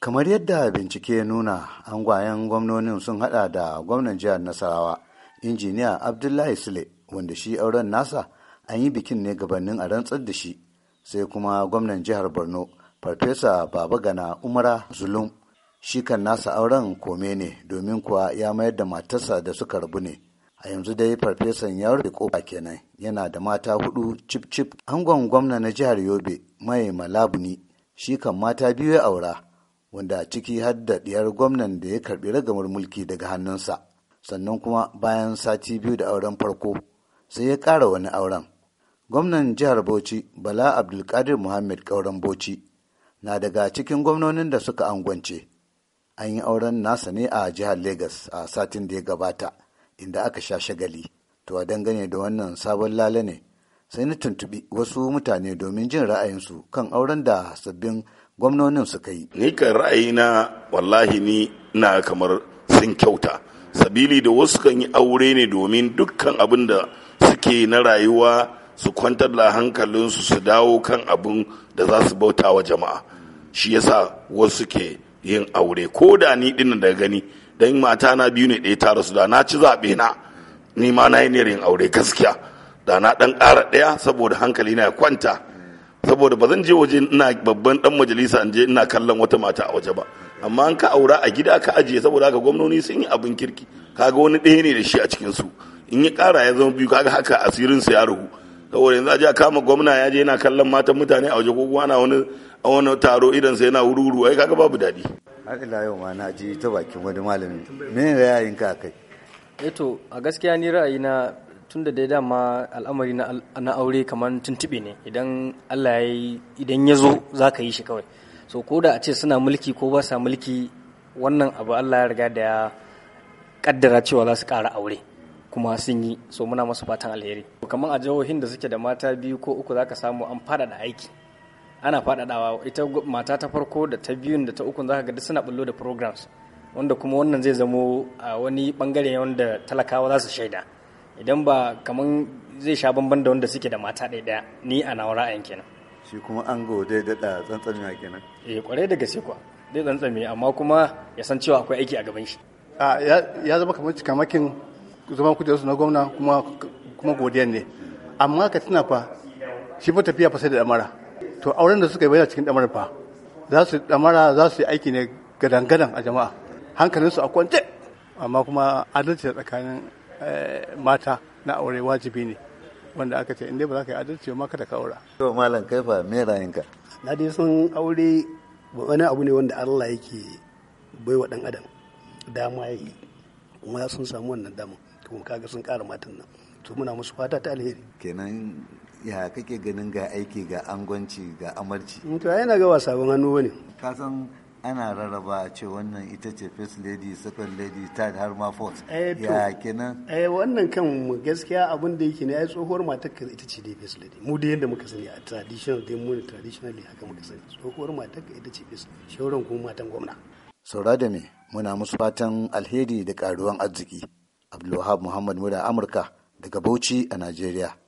Kamar yadda bincike ya nuna, angwayen gwamnonin sun hada da gwamnan jihar Nasarawa, injiniya Abdullahi Sule, wanda shi auren nasa an yi bikin ne gabanin a rantsar da shi, sai kuma gwamnan jihar Borno, Farfesa Baba Gana Umara Zulum. Shi kan nasa auren kome ne domin kuwa ya mayar da matarsa da suka rabu ne. A yanzu dai farfesan ya rufe kofa kenan yana da mata hudu cip cip. Angon gwamna na jihar Yobe mai malabuni shi kan mata biyu ya aura. wanda ciki har da ɗiyar gwamnan da ya karɓi ragamar mulki daga hannunsa sannan kuma bayan sati biyu da auren farko sai ya ƙara wani auren gwamnan jihar bauchi bala abdulkadir muhammad ƙauren bauchi na daga cikin gwamnonin da suka angwance an yi auren nasa ne a jihar Legas a satin da ya gabata inda aka sha shagali to a dangane da wannan sabon lale ne sai na tuntubi wasu mutane domin jin ra'ayinsu kan auren da sabbin gwamnonin suka yi. Ni kan ra'ayina wallahi ni na kamar sun kyauta. Sabili da wasu kan yi aure ne domin dukkan abin da suke na rayuwa su kwantar da hankalinsu su dawo kan abin da za su bauta wa jama'a. Shi yasa wasu ke yin aure ko da ni ɗin da gani dan mata na biyu ne ɗaya ta rasu da na ci zaɓe na ni ma na yi yin aure gaskiya. da na dan ƙara ɗaya saboda hankali na ya kwanta saboda ba zan je waje ina babban dan majalisa in je ina kallon wata mata a waje ba amma an ka aura a gida ka ajiye saboda haka gwamnoni sun yi abin kirki kaga wani ɗaya ne da shi a cikin su in ya ƙara ya zama biyu kaga haka asirin sa ya ragu saboda yanzu a kama gwamna ya je yana kallon matan mutane a waje ko kuma ana wani a wani taro idan sai yana wuri-wuri ai kaga babu daɗi har ila yau ma na ji ta bakin wani malami menene ra'ayinka akai eh a gaskiya ni ra'ayina tun da dai dama al'amari na aure kamar tuntuɓe ne idan Allah ya yi idan ya zo za ka yi shi kawai so ko da a ce suna mulki ko ba sa mulki wannan abu Allah ya riga da ya kaddara cewa za su ƙara aure kuma sun yi so muna masu fatan alheri kamar a jihohin da suke da mata biyu ko uku za ka samu an faɗaɗa aiki ana faɗaɗawa ita mata ta farko da ta biyun da ta ukun za ka ga suna bullo da programs wanda kuma wannan zai zamo a wani bangare wanda talakawa za su shaida idan ba kaman zai sha bamban da wanda suke da mata ɗaya ɗaya ni a nawa ra'ayin kenan shi kuma an gode daɗa a kenan eh kwarai da gaske kuwa dai tsantsami amma kuma ya san cewa akwai aiki a gaban shi ya zama kamar cikamakin zaman su na gwamna kuma kuma godiya ne amma ka tuna fa shi fa tafiya fa sai da damara to auren da suka yi bayan cikin damara fa za su damara za su yi aiki ne gadan-gadan a jama'a hankalinsu a kwance amma kuma adalci tsakanin Eh, mata na aure wajibi ne wanda aka ce inda ba za ka yi adalci ma kada ka aura. Yau malam kai fa me rayinka. Na dai sun aure wani abu ne wanda Allah yake baiwa dan adam dama ya yi kuma sun samu wannan dama kuma kaga sun kara matan nan to muna musu fata ta alheri. Kenan ya kake ganin ga aiki ga angonci ga amarci. To yana ga sabon hannu bane. Ka san ana rarraba a ce wannan ita ce first lady second lady third har ma fourth eh, ya kenan eh wannan kan gaskiya abin da yake ne ai tsohuwar matar ka ita ce dai first lady mu da yadda muka sani a traditional dai mu traditionally haka muka sani tsohuwar matar ka ita ce first shauran kuma matan gwamna saura da me muna musu fatan alheri da karuwan arziki abdulwahab muhammad mura amurka daga bauchi a najeriya